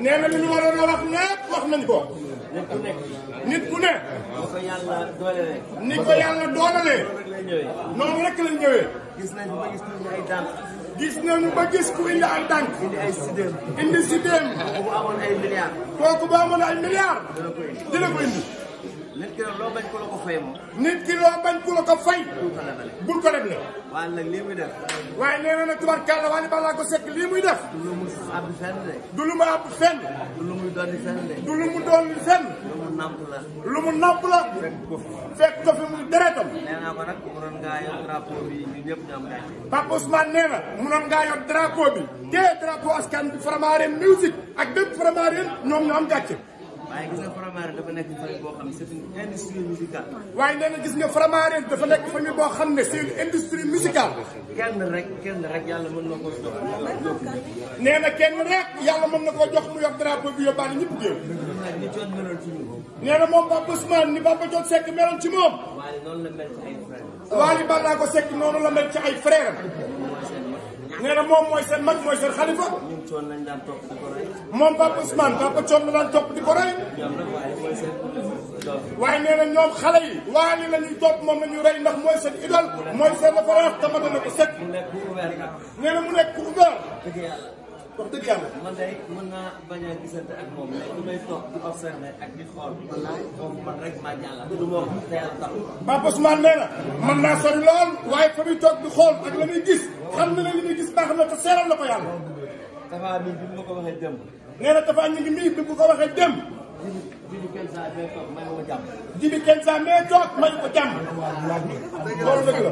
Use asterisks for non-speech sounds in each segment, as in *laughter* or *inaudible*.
nee na li ñu waroon a wax lépp wax nañ ko. nit ku nekk. nit ku nekk. ni ko yàlla doolelee. ni ko yàlla doolelee. noonu rek lañ ñëwee. gis nañu ba gis nañu ay dànk. gis nañu ba gis ku indi ay dànk. indi ay sidéem. indi sidéem. kooku amoon ay milliards. kooku ba amoon ay milliards. dina ko indi. nit ki loo bañ ku la ko fay la ko fay. bul ko leble. waaye nag lii muy def. waaye nee na nag tubarkalla waa ni balaa ko sekk lii muy def. du lu mu àbb fenn de. du lu mu doon fenn de. du lu mu doon fenn. lu mu lu mu nàmp la. fekk ko fi. fekk ko fi mu deretam. ngaa yor drapeau bi ñun ñëpp askan bi Faramareen ak bépp Faramareen ñoom ñu am waaye gis nga Faramareen dafa nekk famille boo xam ne c'est une industrie musicale. waaye nee na gis nga Faramareen dafa nekk famille boo xam ne c'est une industrie musicale. kenn rek kenn rek yàlla mën jox mu yor drapeau bi yóbbaale ñëpp géew. ni nee na moom Pape Ousmane ni Pape Thione Seck meloon ci moom. waaye noonu la mel ci ay nee na moom mooy seen mag mooy seen xalifa. ñun coon lañ daan topp moom Papa Ousmane Papa coon la daan topp di ko rey. waaye nee na ñoom xale yi. waali la topp moom la ñuy rey ndax mooy seen idole mooy seen référence tamit na ko sëkk. nee mu nekk ku ouvert. wax dëgg yàlla. man mën naa bañ a gisante ak moom mais du may toog di observé ak di xool. wallaahi moom man maa jàllale. na man naa sori lool waaye fa muy toog di xool ak la muy gis xam na ne li gis baax na te seeral na ko yàlla. Tafa bi ko waxee démb. nee na Tafa ngi nii bi ko waxee démb. jibi kenn saa may ko jàmm. jibi kenn saa may toog may ko jàmm. loolu dëgg la.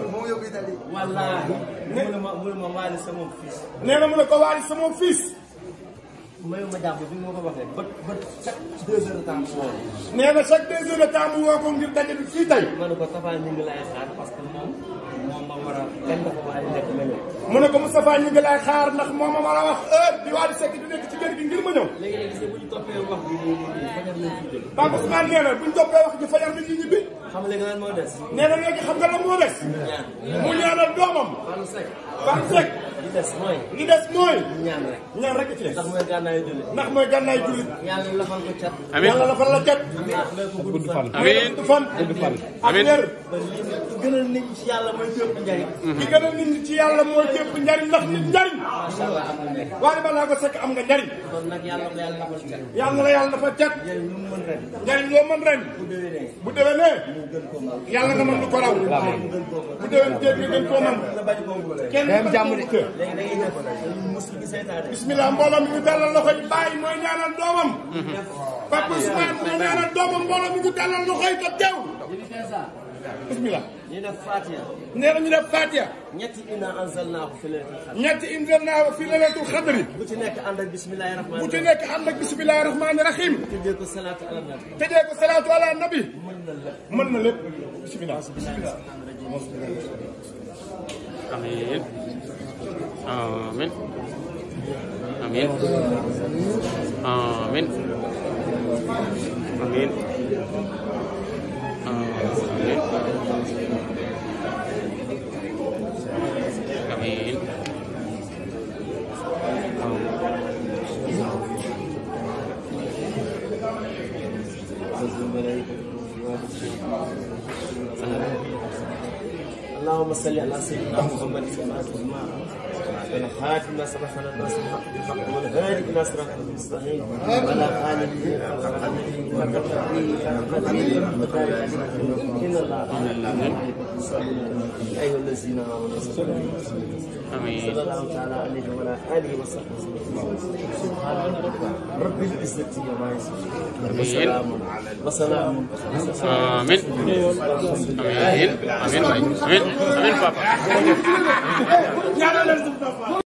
wallaahi. nee na ma mu ne ma waali sama fils. nee na mu ne ko waali sama fils. mayu ma jàmm bi ma ko waxee ba ba chaque deux heures de temps bu woo. nee na chaque deux heures de temps bu woo ko ngir daje bi fii tey. ma ne ko Tafa ñu ngi lay xaar parce que moom. mu ne ko Moustapha ñu ngi xaar ndax moom a war a wax heure bi Wally Seck di nekk ci kër gi ngir ma ñëw. léegi bu ñu toppee wax bi Pape Ousmane nee na bu ñu toppee wax ji fajar nañ ñu ñibbi. xam léegi lan moo des. nee na mu ñaanal li des mooy. li des mooy. ñaan rek. ñaan rek ci des. ndax mooy gànnaayu jullit. ndax mooy gànnaayu jullit. yàlla la fan ko cat. amiin yàlla la fan la cat. amiin gudd fan. amiin gudd fan. amiin ak wér. li gënal nit ci yàlla mooy képp njariñ. li gënal nit ci yàlla mooy képp njariñ ndax nit njariñ. macha allah am na njëriñ. waaye balaa nga sekk am nga njëriñ. kon nag yàlla na yàlla dafa cat. yàlla na yàlla dafa cat. njëriñ lu mu ren. bu déwénee. bu nga mën lu ko raw. bu déwénee nga gën koo mën. kenn ku nekk jàmm da ngay def muslim bismillah mbooloo mi ñu dalal loxo yi bàyyi mooy ñaanal doomam. *laughs* papa Ousmane mooy ñaanal doomam mbooloo mi ñu dalal loxo yi te bismillah ñu def Fatiha. nee na ñu def Fatiha. ñetti inna anzalnaahu fi laylatul qadr. ñetti anzalnaahu fi laylatul qadr. bu ci nekk ànd ak bismillahi rahmaani bu ci nekk ànd ak bismillahi rahmaani rahim. tëjee ko salaatu ala nabi. tëjee ko salaatu ala nabi. mën na lépp mën na lépp. bismillah bismillah. amiin amiin amiin amiin amiin. Amin. اللهم صل على سيدنا محمد بن خاتم ما سبقنا الناس بالحق والهادي الى صراط المستقيم وعلى اله وصحبه أيها الذين آمنوا صلى الله تعالى عليه وعلى آله وصحبه سبحان رب العزة عما يصفون وسلام على وسلام آمين آمين آمين آمين آمين بابا